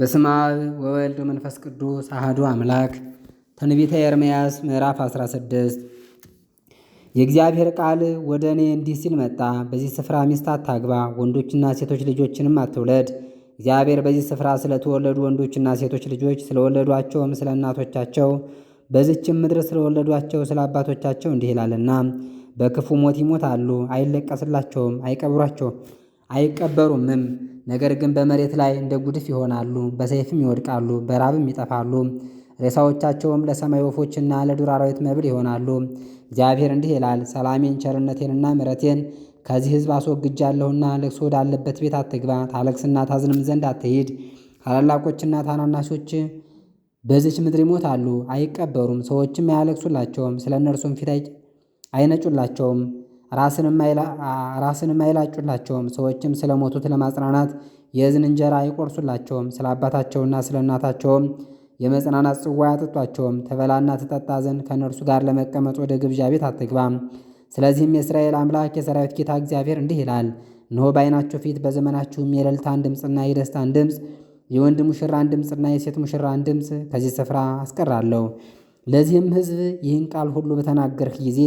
በስመ አብ ወወልድ ወመንፈስ ቅዱስ አህዱ አምላክ። ትንቢተ ኤርምያስ ምዕራፍ 16 የእግዚአብሔር ቃል ወደ እኔ እንዲህ ሲል መጣ። በዚህ ስፍራ ሚስት አታግባ፣ ወንዶችና ሴቶች ልጆችንም አትውለድ። እግዚአብሔር በዚህ ስፍራ ስለተወለዱ ወንዶችና ሴቶች ልጆች ስለወለዷቸውም፣ ስለ እናቶቻቸው በዚችም ምድር ስለወለዷቸው ስለ አባቶቻቸው እንዲህ ይላልና በክፉ ሞት ይሞታሉ፣ አይለቀስላቸውም፣ አይቀብሯቸውም አይቀበሩምም። ነገር ግን በመሬት ላይ እንደ ጉድፍ ይሆናሉ፣ በሰይፍም ይወድቃሉ፣ በራብም ይጠፋሉ። ሬሳዎቻቸውም ለሰማይ ወፎችና ለዱር አራዊት መብል ይሆናሉ። እግዚአብሔር እንዲህ ይላል፣ ሰላሜን ቸርነቴንና ምረቴን ከዚህ ሕዝብ አስወግጃለሁና ልቅሶ ወዳለበት ቤት አትግባ፣ ታለቅስና ታዝንም ዘንድ አትሂድ። ታላላቆችና ታናናሾች በዚች ምድር ይሞታሉ፣ አይቀበሩም። ሰዎችም አያለቅሱላቸውም፣ ስለ እነርሱም ፊት አይነጩላቸውም። ራስን አይላጩላቸውም። ሰዎችም ስለሞቱት ለማጽናናት የእዝን እንጀራ አይቆርሱላቸውም። ስለ አባታቸውና ስለ እናታቸውም የመጽናናት ጽዋ አያጠጧቸውም። ትበላና ትጠጣ ዘንድ ከእነርሱ ጋር ለመቀመጥ ወደ ግብዣ ቤት አትግባም። ስለዚህም የእስራኤል አምላክ የሰራዊት ጌታ እግዚአብሔር እንዲህ ይላል፣ እነሆ በዓይናችሁ ፊት በዘመናችሁም የእልልታን ድምፅና የደስታን ድምፅ የወንድ ሙሽራን ድምፅና የሴት ሙሽራን ድምፅ ከዚህ ስፍራ አስቀራለሁ። ለዚህም ሕዝብ ይህን ቃል ሁሉ በተናገርህ ጊዜ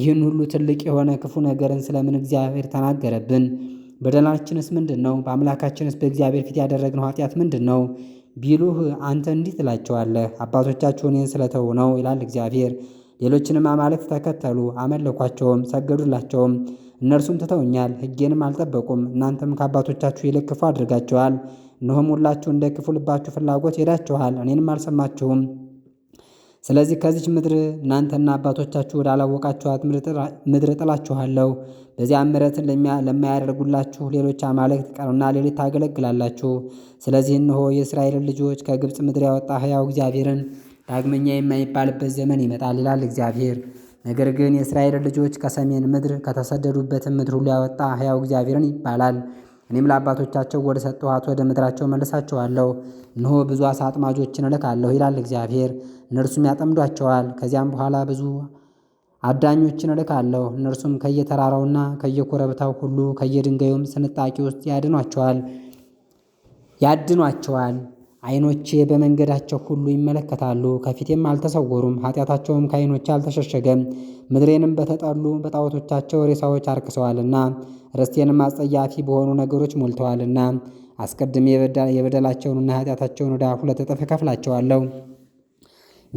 ይህን ሁሉ ትልቅ የሆነ ክፉ ነገርን ስለምን እግዚአብሔር ተናገረብን? በደላችንስ ምንድን ነው? በአምላካችንስ በእግዚአብሔር ፊት ያደረግነው ኃጢአት ምንድን ነው ቢሉህ አንተ እንዲህ ትላቸዋለህ፣ አባቶቻችሁን ይህን ስለተው ነው ይላል እግዚአብሔር። ሌሎችንም አማልክት ተከተሉ፣ አመለኳቸውም፣ ሰገዱላቸውም። እነርሱም ትተውኛል፣ ሕጌንም አልጠበቁም። እናንተም ከአባቶቻችሁ ይልቅ ክፉ አድርጋችኋል። እነሆም ሁላችሁ እንደ ክፉ ልባችሁ ፍላጎት ሄዳችኋል፣ እኔንም አልሰማችሁም። ስለዚህ ከዚች ምድር እናንተና አባቶቻችሁ ወዳላወቃችኋት ምድር እጥላችኋለሁ። በዚያም ምሕረትን ለማያደርጉላችሁ ሌሎች አማልክት ቀንና ሌሊት ታገለግላላችሁ። ስለዚህ እንሆ የእስራኤልን ልጆች ከግብፅ ምድር ያወጣ ሕያው እግዚአብሔርን ዳግመኛ የማይባልበት ዘመን ይመጣል ይላል እግዚአብሔር። ነገር ግን የእስራኤልን ልጆች ከሰሜን ምድር ከተሰደዱበትን ምድር ሁሉ ያወጣ ሕያው እግዚአብሔርን ይባላል። እኔም ለአባቶቻቸው ወደ ሰጠኋት ወደ ምድራቸው መልሳቸዋለሁ። እንሆ ብዙ አሳ አጥማጆችን እልካለሁ ይላል እግዚአብሔር፣ እነርሱም ያጠምዷቸዋል። ከዚያም በኋላ ብዙ አዳኞችን እልካለሁ፣ እነርሱም ከየተራራውና ከየኮረብታው ሁሉ ከየድንጋዩም ስንጣቂ ውስጥ ያድኗቸዋል ያድኗቸዋል። አይኖቼ በመንገዳቸው ሁሉ ይመለከታሉ ከፊቴም አልተሰወሩም ኃጢአታቸውም ከአይኖቼ አልተሸሸገም። ምድሬንም በተጠሉ በጣዖቶቻቸው ሬሳዎች አርክሰዋልና ርስቴንም አጸያፊ በሆኑ ነገሮች ሞልተዋልና አስቀድሜ የበደላቸውንና ኃጢአታቸውን ወደ ሁለት እጥፍ እከፍላቸዋለሁ።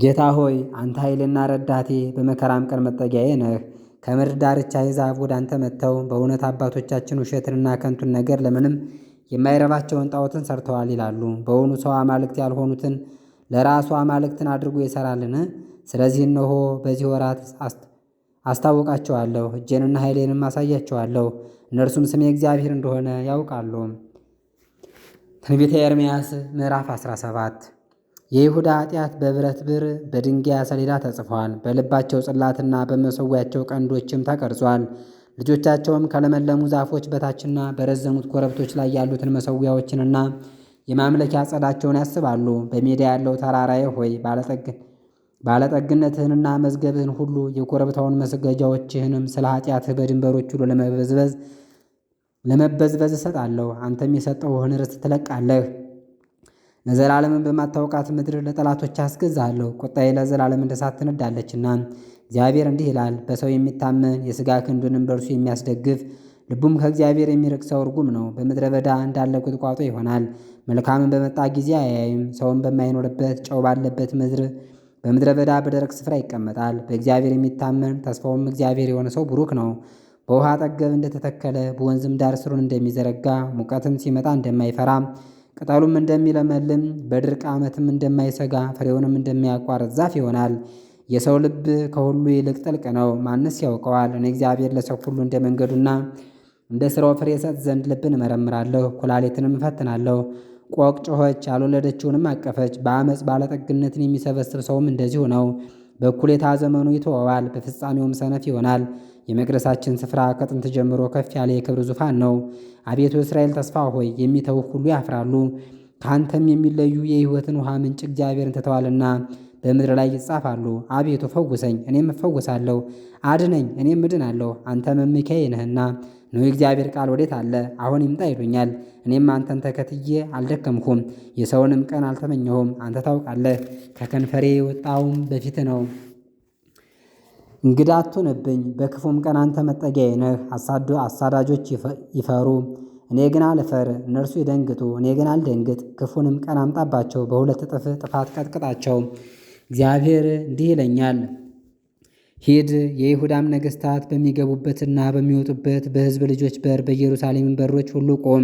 ጌታ ሆይ አንተ ኃይልና ረዳቴ በመከራም ቀን መጠጊያዬ ነህ። ከምድር ዳርቻ አሕዛብ ወደ አንተ መጥተው በእውነት አባቶቻችን ውሸትንና ከንቱን ነገር ለምንም የማይረባቸውን ጣዖትን ሰርተዋል ይላሉ። በውኑ ሰው አማልክት ያልሆኑትን ለራሱ አማልክትን አድርጎ ይሰራልን ስለዚህ እነሆ በዚህ ወራት አስታውቃቸዋለሁ፣ እጄንና ኃይሌንም አሳያቸዋለሁ። እነርሱም ስሜ እግዚአብሔር እንደሆነ ያውቃሉ። ትንቢተ ኤርምያስ ምዕራፍ 17 የይሁዳ ኃጢአት በብረት ብር በድንጋይ ሰሌዳ ተጽፏል። በልባቸው ጽላትና በመሰዊያቸው ቀንዶችም ተቀርጿል። ልጆቻቸውም ከለመለሙ ዛፎች በታችና በረዘሙት ኮረብቶች ላይ ያሉትን መሰዊያዎችንና የማምለኪያ ጸዳቸውን ያስባሉ። በሜዳ ያለው ተራራዬ ሆይ ባለጠግነትህንና መዝገብህን ሁሉ የኮረብታውን መስገጃዎችህንም ስለ ኃጢአትህ በድንበሮች ሁሉ ለመበዝበዝ ለመበዝበዝ እሰጣለሁ። አንተም የሰጠሁህን ርስት ትለቃለህ። ለዘላለምን በማታወቃት ምድር ለጠላቶች አስገዛለሁ። ቁጣዬ ለዘላለም እንደ እሳት ትነዳለችና እግዚአብሔር እንዲህ ይላል፣ በሰው የሚታመን የሥጋ ክንዱንም በእርሱ የሚያስደግፍ ልቡም ከእግዚአብሔር የሚርቅ ሰው ርጉም ነው። በምድረ በዳ እንዳለ ቁጥቋጦ ይሆናል። መልካምን በመጣ ጊዜ አያይም። ሰውን በማይኖርበት ጨው ባለበት ምድር በምድረ በዳ በደረቅ ስፍራ ይቀመጣል። በእግዚአብሔር የሚታመን ተስፋውም እግዚአብሔር የሆነ ሰው ብሩክ ነው። በውሃ አጠገብ እንደተተከለ በወንዝም ዳር ስሩን እንደሚዘረጋ ሙቀትም ሲመጣ እንደማይፈራ ቅጠሉም እንደሚለመልም በድርቅ ዓመትም እንደማይሰጋ ፍሬውንም እንደማያቋርጥ ዛፍ ይሆናል። የሰው ልብ ከሁሉ ይልቅ ጥልቅ ነው፣ ማንስ ያውቀዋል? እኔ እግዚአብሔር ለሰው ሁሉ እንደ መንገዱና እንደ ሥራው ፍሬ እሰጥ ዘንድ ልብን እመረምራለሁ፣ ኩላሊትንም እፈትናለሁ። ቆቅ ጮኸች፣ ያልወለደችውንም አቀፈች። በአመፅ ባለጠግነትን የሚሰበስብ ሰውም እንደዚሁ ነው። በእኩሌታ ዘመኑ ይተወዋል፣ በፍጻሜውም ሰነፍ ይሆናል። የመቅደሳችን ስፍራ ከጥንት ጀምሮ ከፍ ያለ የክብር ዙፋን ነው። አቤቱ እስራኤል ተስፋ ሆይ የሚተውህ ሁሉ ያፍራሉ፣ ከአንተም የሚለዩ የሕይወትን ውሃ ምንጭ እግዚአብሔርን ትተዋልና በምድር ላይ ይጻፋሉ። አቤቱ ፈውሰኝ፣ እኔም እፈውሳለሁ። አድነኝ፣ እኔም እድናለሁ። አንተ መምኪያዬ ነህና። ኖ የእግዚአብሔር ቃል ወዴት አለ? አሁን ይምጣ ይሉኛል። እኔም አንተን ተከትዬ አልደከምኩም፣ የሰውንም ቀን አልተመኘሁም። አንተ ታውቃለህ። ከከንፈሬ የወጣውም በፊት ነው። እንግዳ አትሁንብኝ፣ በክፉም ቀን አንተ መጠጊያዬ ነህ። አሳዳጆች ይፈሩ፣ እኔ ግን አልፈር። እነርሱ ይደንግጡ፣ እኔ ግን አልደንግጥ። ክፉንም ቀን አምጣባቸው፣ በሁለት እጥፍ ጥፋት ቀጥቅጣቸው። እግዚአብሔር እንዲህ ይለኛል፣ ሂድ የይሁዳም ነገሥታት በሚገቡበትና በሚወጡበት በሕዝብ ልጆች በር በኢየሩሳሌም በሮች ሁሉ ቆም።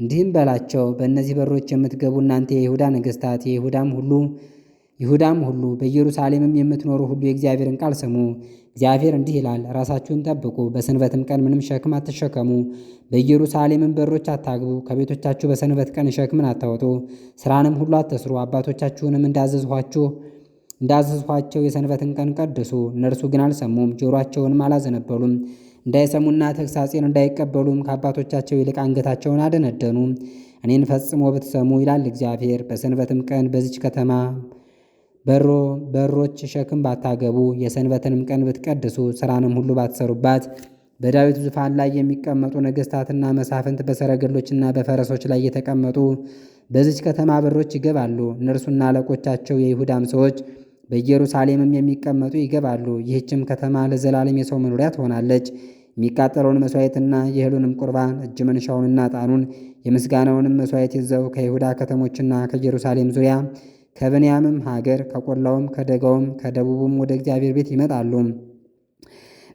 እንዲህም በላቸው፣ በእነዚህ በሮች የምትገቡ እናንተ የይሁዳ ነገሥታት የይሁዳም ሁሉ ይሁዳም ሁሉ በኢየሩሳሌምም የምትኖሩ ሁሉ የእግዚአብሔርን ቃል ስሙ። እግዚአብሔር እንዲህ ይላል፣ ራሳችሁን ጠብቁ፣ በሰንበትም ቀን ምንም ሸክም አትሸከሙ፣ በኢየሩሳሌምም በሮች አታግቡ፣ ከቤቶቻችሁ በሰንበት ቀን ሸክምን አታወጡ፣ ስራንም ሁሉ አትስሩ። አባቶቻችሁንም እንዳዘዝኋችሁ እንዳዘዝኋቸው የሰንበትን ቀን ቀድሱ እነርሱ ግን አልሰሙም፣ ጆሮአቸውንም አላዘነበሉም። እንዳይሰሙና ተግሳጼን እንዳይቀበሉም ከአባቶቻቸው ይልቅ አንገታቸውን አደነደኑ። እኔን ፈጽሞ ብትሰሙ ይላል እግዚአብሔር፣ በሰንበትም ቀን በዚች ከተማ በሮ በሮች ሸክም ባታገቡ፣ የሰንበትንም ቀን ብትቀድሱ፣ ስራንም ሁሉ ባትሰሩባት፣ በዳዊት ዙፋን ላይ የሚቀመጡ ነገሥታትና መሳፍንት በሰረገሎችና በፈረሶች ላይ የተቀመጡ በዚች ከተማ በሮች ይገባሉ። እነርሱና አለቆቻቸው የይሁዳም ሰዎች በኢየሩሳሌምም የሚቀመጡ ይገባሉ። ይህችም ከተማ ለዘላለም የሰው መኖሪያ ትሆናለች። የሚቃጠለውን መሥዋዕትና የእህሉንም ቁርባን እጅ መንሻውንና ዕጣኑን የምስጋናውንም መሥዋዕት ይዘው ከይሁዳ ከተሞችና ከኢየሩሳሌም ዙሪያ ከብንያምም ሀገር ከቆላውም ከደጋውም ከደቡቡም ወደ እግዚአብሔር ቤት ይመጣሉ።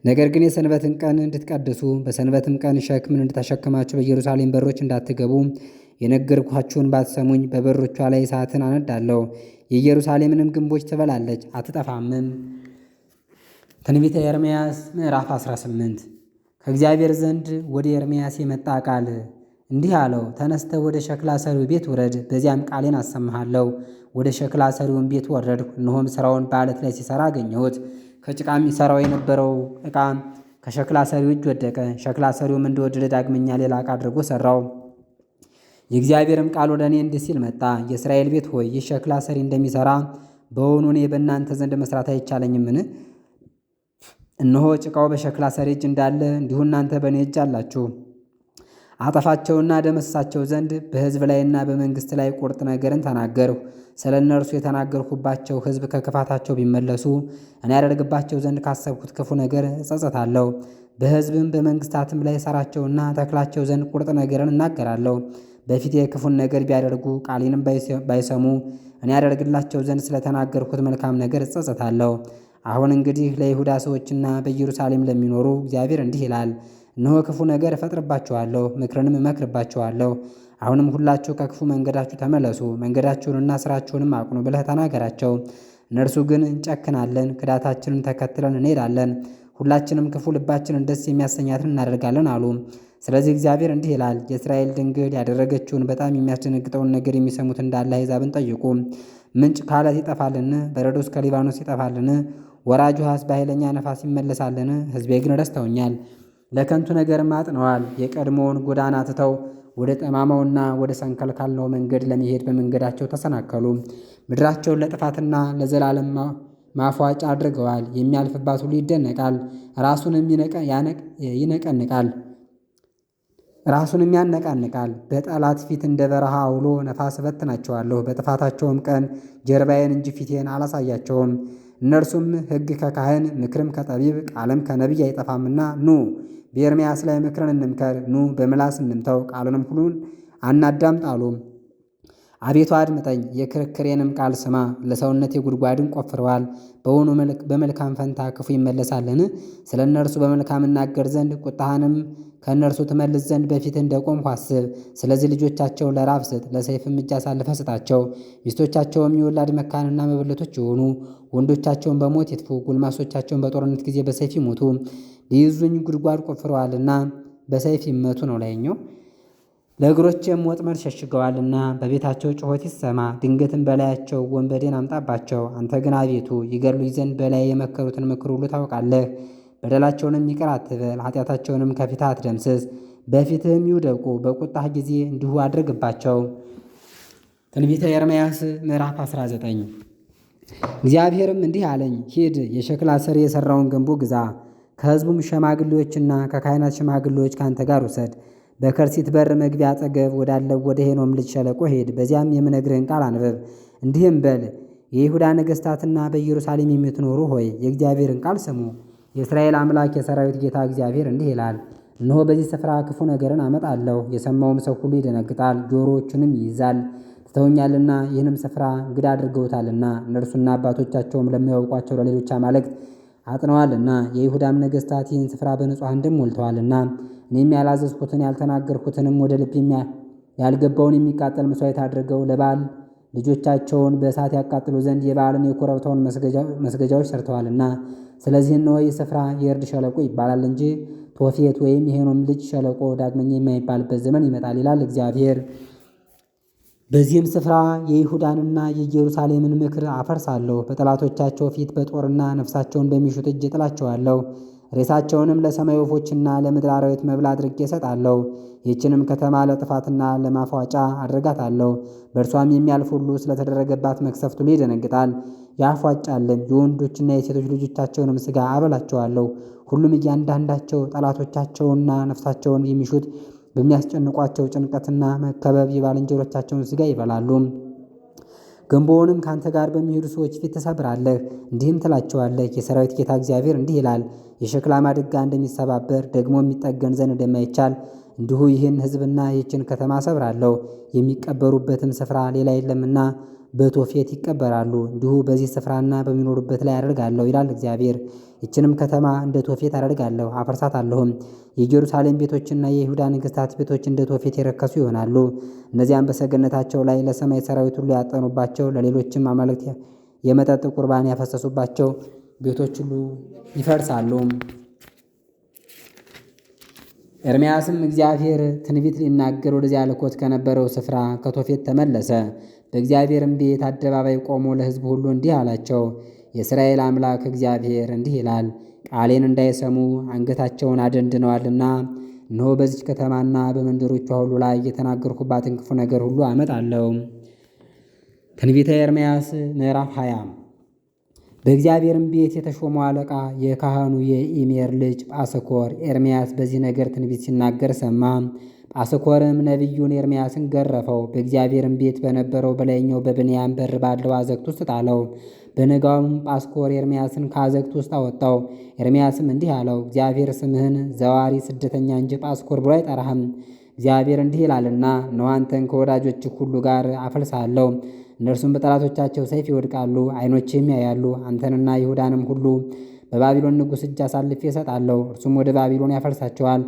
ነገር ግን የሰንበትን ቀን እንድትቀድሱ በሰንበትም ቀን ሸክምን እንድታሸክማችሁ በኢየሩሳሌም በሮች እንዳትገቡ የነገርኳችሁን ባትሰሙኝ በበሮቿ ላይ እሳትን አነዳለሁ። የኢየሩሳሌምንም ግንቦች ትበላለች አትጠፋምም። ትንቢተ ኤርምያስ ምዕራፍ 18 ከእግዚአብሔር ዘንድ ወደ ኤርምያስ የመጣ ቃል እንዲህ አለው፣ ተነስተ ወደ ሸክላ ሰሪው ቤት ውረድ፣ በዚያም ቃሌን አሰማሃለሁ። ወደ ሸክላ ሰሪውን ቤት ወረድ እነሆም ሥራውን በዓለት ላይ ሲሠራ አገኘሁት። ከጭቃም ይሠራው የነበረው ዕቃ ከሸክላ ሰሪው እጅ ወደቀ። ሸክላ ሰሪውም እንደወደደ ዳግመኛ ሌላ ዕቃ አድርጎ ሠራው። የእግዚአብሔርም ቃል ወደ እኔ እንዲህ ሲል መጣ። የእስራኤል ቤት ሆይ ይህ ሸክላ ሰሪ እንደሚሠራ በውኑ እኔ በእናንተ ዘንድ መሥራት አይቻለኝምን? እነሆ ጭቃው በሸክላ ሰሪ እጅ እንዳለ እንዲሁ እናንተ በእኔ እጅ አላችሁ። አጠፋቸውና ደመስሳቸው ዘንድ በሕዝብ ላይና በመንግሥት ላይ ቁርጥ ነገርን ተናገርሁ። ስለ እነርሱ የተናገርሁባቸው ሕዝብ ከክፋታቸው ቢመለሱ እኔ ያደርግባቸው ዘንድ ካሰብኩት ክፉ ነገር እጸጸታለሁ። በሕዝብም በመንግሥታትም ላይ ሰራቸውና ተክላቸው ዘንድ ቁርጥ ነገርን እናገራለሁ። በፊቴ የክፉን ነገር ቢያደርጉ ቃሌንም ባይሰሙ እኔ ያደርግላቸው ዘንድ ስለተናገርኩት መልካም ነገር እጸጸታለሁ። አሁን እንግዲህ ለይሁዳ ሰዎችና በኢየሩሳሌም ለሚኖሩ እግዚአብሔር እንዲህ ይላል፣ እነሆ ክፉ ነገር እፈጥርባችኋለሁ፣ ምክርንም እመክርባችኋለሁ። አሁንም ሁላችሁ ከክፉ መንገዳችሁ ተመለሱ፣ መንገዳችሁንና ስራችሁንም አቅኑ ብለህ ተናገራቸው። እነርሱ ግን እንጨክናለን፣ ክዳታችንን ተከትለን እንሄዳለን፣ ሁላችንም ክፉ ልባችንን ደስ የሚያሰኛትን እናደርጋለን አሉ። ስለዚህ እግዚአብሔር እንዲህ ይላል የእስራኤል ድንግል ያደረገችውን በጣም የሚያስደነግጠውን ነገር የሚሰሙት እንዳለ አሕዛብን ጠይቁ። ምንጭ ከዓለት ይጠፋልን? በረዶስ ከሊባኖስ ይጠፋልን? ወራጅ ውሃስ በኃይለኛ ነፋስ ይመለሳልን? ሕዝቤ ግን ረስተውኛል፣ ለከንቱ ነገርም አጥነዋል። የቀድሞውን ጎዳና ትተው ወደ ጠማማውና ወደ ሰንከል ካለው መንገድ ለመሄድ በመንገዳቸው ተሰናከሉ። ምድራቸውን ለጥፋትና ለዘላለም ማፏጫ አድርገዋል። የሚያልፍባት ሁሉ ይደነቃል፣ ራሱንም ይነቀንቃል። ራሱንም ያነቃንቃል። በጠላት ፊት እንደ በረሃ አውሎ ነፋስ እበትናቸዋለሁ። በጥፋታቸውም ቀን ጀርባዬን እንጂ ፊቴን አላሳያቸውም። እነርሱም ሕግ ከካህን ምክርም ከጠቢብ ቃልም ከነቢይ አይጠፋምና ኑ በኤርምያስ ላይ ምክርን እንምከር፣ ኑ በምላስ እንምተው፣ ቃሉንም ሁሉን አናዳምጥ አቤቱ አድምጠኝ፣ የክርክሬንም ቃል ስማ። ለሰውነት ጉድጓድን ቆፍረዋል፤ በውኑ በመልካም ፈንታ ክፉ ይመለሳልን? ስለ እነርሱ በመልካም እናገር ዘንድ ቁጣህንም ከእነርሱ ትመልስ ዘንድ በፊት እንደቆምሁ አስብ። ስለዚህ ልጆቻቸው ለራብ ስጥ፣ ለሰይፍም እጅ አሳልፈህ ስጣቸው። ሚስቶቻቸውም የወላድ መካንና መበለቶች የሆኑ ወንዶቻቸውን በሞት ይጥፉ፣ ጉልማሶቻቸውን በጦርነት ጊዜ በሰይፍ ይሞቱ። ሊይዙኝ ጉድጓድ ቆፍረዋልና በሰይፍ ይመቱ ነው ላይኛው ለእግሮቼም ወጥመድ ሸሽገዋልና በቤታቸው ጩኸት ይሰማ። ድንገትም በላያቸው ወንበዴን አምጣባቸው። አንተ ግን አቤቱ ይገድሉኝ ዘንድ በላይ የመከሩትን ምክር ሁሉ ታውቃለህ። በደላቸውንም ይቅር አትበል፣ ኃጢአታቸውንም ከፊታ አትደምስስ። በፊትህም ይውደቁ፣ በቁጣህ ጊዜ እንዲሁ አድርግባቸው። ትንቢተ ኤርምያስ ምዕራፍ 19 እግዚአብሔርም እንዲህ አለኝ፣ ሂድ የሸክላ ሠሪ የሠራውን ገንቦ ግዛ፣ ከሕዝቡም ሸማግሌዎችና ከካህናት ሽማግሌዎች ከአንተ ጋር ውሰድ በከርሲት በር መግቢያ አጠገብ ወዳለው ወደ ሄኖም ልጅ ሸለቆ ሄድ። በዚያም የምነግርህን ቃል አንበብ፣ እንዲህም በል የይሁዳ ነገሥታትና በኢየሩሳሌም የምትኖሩ ሆይ የእግዚአብሔርን ቃል ስሙ። የእስራኤል አምላክ የሰራዊት ጌታ እግዚአብሔር እንዲህ ይላል፣ እነሆ በዚህ ስፍራ ክፉ ነገርን አመጣለሁ። የሰማውም ሰው ሁሉ ይደነግጣል፣ ጆሮዎቹንም ይይዛል። ትተውኛልና፣ ይህንም ስፍራ እንግዳ አድርገውታልና፣ እነርሱና አባቶቻቸውም ለሚያውቋቸው ለሌሎች አማልክት አጥነዋልና የይሁዳም ነገሥታት ይህን ስፍራ በንጹሐን ደም ሞልተዋልና እኔም ያላዘዝኩትን ያልተናገርኩትንም ወደ ልብ ያልገባውን የሚቃጠል መሥዋዕት አድርገው ለበዓል ልጆቻቸውን በእሳት ያቃጥሉ ዘንድ የበዓልን የኮረብታውን መስገጃዎች ሰርተዋልና ስለዚህ እነሆ ይህ ስፍራ የእርድ ሸለቆ ይባላል እንጂ ቶፌት ወይም የሄኖም ልጅ ሸለቆ ዳግመኛ የማይባልበት ዘመን ይመጣል ይላል እግዚአብሔር። በዚህም ስፍራ የይሁዳንና የኢየሩሳሌምን ምክር አፈርሳለሁ። በጠላቶቻቸው ፊት በጦርና ነፍሳቸውን በሚሹት እጅ እጥላቸዋለሁ። ሬሳቸውንም ለሰማይ ወፎችና ለምድር አራዊት መብል አድርጌ እሰጣለሁ። ይህችንም ከተማ ለጥፋትና ለማፏጫ አድርጋታለሁ። በእርሷም የሚያልፍ ሁሉ ስለተደረገባት መቅሰፍት ሁሉ ይደነግጣል፣ ያፏጫልም። የወንዶችና የሴቶች ልጆቻቸውንም ሥጋ አበላቸዋለሁ። ሁሉም እያንዳንዳቸው ጠላቶቻቸውና ነፍሳቸውን የሚሹት በሚያስጨንቋቸው ጭንቀትና መከበብ የባልንጀሮቻቸውን ስጋ ይበላሉ። ገንቦውንም ካንተ ጋር በሚሄዱ ሰዎች ፊት ትሰብራለህ፣ እንዲህም ትላቸዋለህ፣ የሰራዊት ጌታ እግዚአብሔር እንዲህ ይላል፣ የሸክላ ማድጋ እንደሚሰባበር ደግሞ የሚጠገን ዘንድ እንደማይቻል እንዲሁ ይህን ሕዝብና ይህችን ከተማ ሰብራለሁ፣ የሚቀበሩበትም ስፍራ ሌላ የለምና በቶፌት ይቀበራሉ እንዲሁ በዚህ ስፍራና በሚኖሩበት ላይ አደርጋለሁ ይላል እግዚአብሔር። ይችንም ከተማ እንደ ቶፌት አደርጋለሁ አለሁም። የኢየሩሳሌም ቤቶችና የይሁዳ ነገሥታት ቤቶች እንደ ቶፌት የረከሱ ይሆናሉ። እነዚያም በሰገነታቸው ላይ ለሰማይ ሰራዊት ሁሉ ያጠኑባቸው፣ ለሌሎችም አማልክት የመጠጥ ቁርባን ያፈሰሱባቸው ቤቶች ሁሉ ይፈርሳሉ። ኤርምያስም እግዚአብሔር ትንቢት ሊናገር ወደዚያ ልኮት ከነበረው ስፍራ ከቶፌት ተመለሰ። በእግዚአብሔርም ቤት አደባባይ ቆሞ ለሕዝብ ሁሉ እንዲህ አላቸው፣ የእስራኤል አምላክ እግዚአብሔር እንዲህ ይላል፣ ቃሌን እንዳይሰሙ አንገታቸውን አደንድነዋልና እነሆ በዚች ከተማና በመንደሮቿ ሁሉ ላይ የተናገርኩባትን ክፉ ነገር ሁሉ አመጣለሁ። ትንቢተ ኤርምያስ ምዕራፍ 20 በእግዚአብሔርም ቤት የተሾመው አለቃ የካህኑ የኢሜር ልጅ ጳሰኮር ኤርምያስ በዚህ ነገር ትንቢት ሲናገር ሰማ። አስኮርም ነቢዩን ኤርምያስን ገረፈው፣ በእግዚአብሔርም ቤት በነበረው በላይኛው በብንያም በር ባለው አዘግት ውስጥ ጣለው። በነጋውም ጳስኮር ኤርምያስን ከአዘግት ውስጥ አወጣው። ኤርምያስም እንዲህ አለው፣ እግዚአብሔር ስምህን ዘዋሪ ስደተኛ እንጂ ጳስኮር ብሎ አይጠራህም። እግዚአብሔር እንዲህ ይላልና እነሆ አንተን ከወዳጆችህ ሁሉ ጋር አፈልሳለሁ፣ እነርሱም በጠላቶቻቸው ሰይፍ ይወድቃሉ፣ አይኖችም ያያሉ። አንተንና ይሁዳንም ሁሉ በባቢሎን ንጉሥ እጅ አሳልፌ እሰጣለሁ፣ እርሱም ወደ ባቢሎን ያፈልሳቸዋል።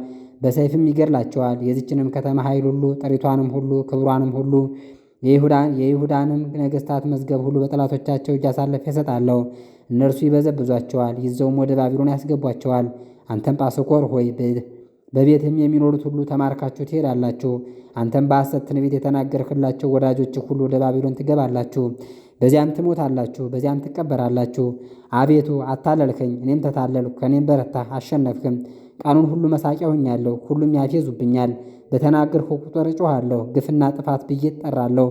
በሰይፍም ይገድላቸዋል። የዚችንም ከተማ ኃይል ሁሉ ጥሪቷንም ሁሉ ክብሯንም ሁሉ የይሁዳንም ነገሥታት መዝገብ ሁሉ በጠላቶቻቸው እጅ አሳልፌ እሰጣለሁ። እነርሱ ይበዘብዟቸዋል፣ ይዘውም ወደ ባቢሎን ያስገቧቸዋል። አንተም ጳስኮር ሆይ በቤትም የሚኖሩት ሁሉ ተማርካችሁ ትሄዳላችሁ። አንተም በሐሰት ትንቢት የተናገርክላቸው ወዳጆችህ ሁሉ ወደ ባቢሎን ትገባላችሁ፣ በዚያም ትሞታላችሁ፣ በዚያም ትቀበራላችሁ። አቤቱ አታለልከኝ፣ እኔም ተታለልኩ፣ ከእኔም በረታህ አሸነፍክም። ቃሉን ሁሉ መሳቂያ ሆኛለሁ፣ ሁሉም ያፌዙብኛል። በተናገርሁ ቁጥር እጮኻለሁ፣ ግፍና ጥፋት ብዬ እጠራለሁ።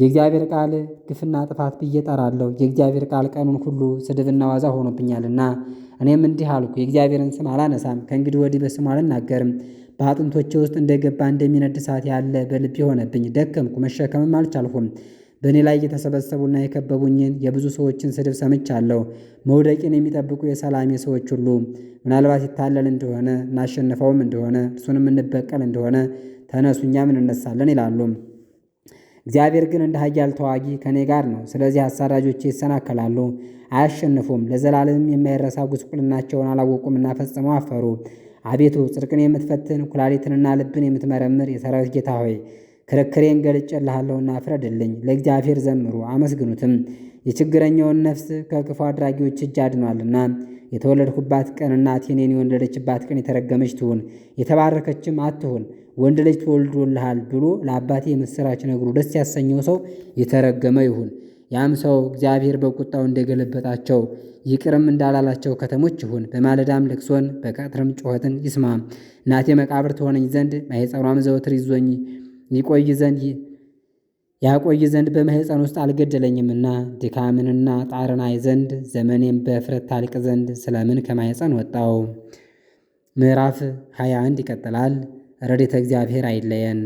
የእግዚአብሔር ቃል ግፍና ጥፋት ብዬ እጠራለሁ። የእግዚአብሔር ቃል ቀኑን ሁሉ ስድብና ዋዛ ሆኖብኛልና እኔም እንዲህ አልኩ፣ የእግዚአብሔርን ስም አላነሳም፣ ከእንግዲህ ወዲህ በስሙ አልናገርም። በአጥንቶቼ ውስጥ እንደገባ እንደሚነድ እሳት ያለ በልቤ ሆነብኝ፣ ደከምኩ፣ መሸከምም አልቻልሁም። በእኔ ላይ የተሰበሰቡና የከበቡኝን የብዙ ሰዎችን ስድብ ሰምቻለሁ። መውደቂን የሚጠብቁ የሰላሜ ሰዎች ሁሉ ምናልባት ይታለል እንደሆነ እናሸንፈውም እንደሆነ እርሱንም እንበቀል እንደሆነ ተነሱ እኛም እንነሳለን ይላሉ። እግዚአብሔር ግን እንደ ኃያል ተዋጊ ከእኔ ጋር ነው። ስለዚህ አሳዳጆቼ ይሰናከላሉ፣ አያሸንፉም። ለዘላለም የማይረሳ ጉስቁልናቸውን አላወቁምና ፈጽመው አፈሩ። አቤቱ ጽድቅን የምትፈትን ኩላሊትንና ልብን የምትመረምር የሰራዊት ጌታ ሆይ ክርክሬን ገልጬልሃለሁና ፍረድልኝ። ለእግዚአብሔር ዘምሩ አመስግኑትም፣ የችግረኛውን ነፍስ ከክፉ አድራጊዎች እጅ አድኗልና። የተወለድኩባት ቀን እናቴን የወለደችባት ቀን የተረገመች ትሁን፣ የተባረከችም አትሁን፣ ወንድ ልጅ ተወልዶልሃል ብሎ ለአባቴ የምሥራች ነግሩ ደስ ያሰኘው ሰው የተረገመ ይሁን። ያም ሰው እግዚአብሔር በቁጣው እንደገለበጣቸው ይቅርም እንዳላላቸው ከተሞች ይሁን። በማለዳም ልቅሶን በቀትርም ጩኸትን ይስማ። እናቴ መቃብር ትሆነኝ ዘንድ ማኅፀኗም ዘወትር ይዞኝ ይቆይ ዘንድ ያቆይ ዘንድ በማኅፀን ውስጥ አልገደለኝምና ድካምንና ጣርን አይ ዘንድ ዘመኔም በእፍረት ታልቅ ዘንድ ስለምን ከማኅፀን ወጣው? ምዕራፍ 21 ይቀጥላል። ረድኤተ እግዚአብሔር አይለየን።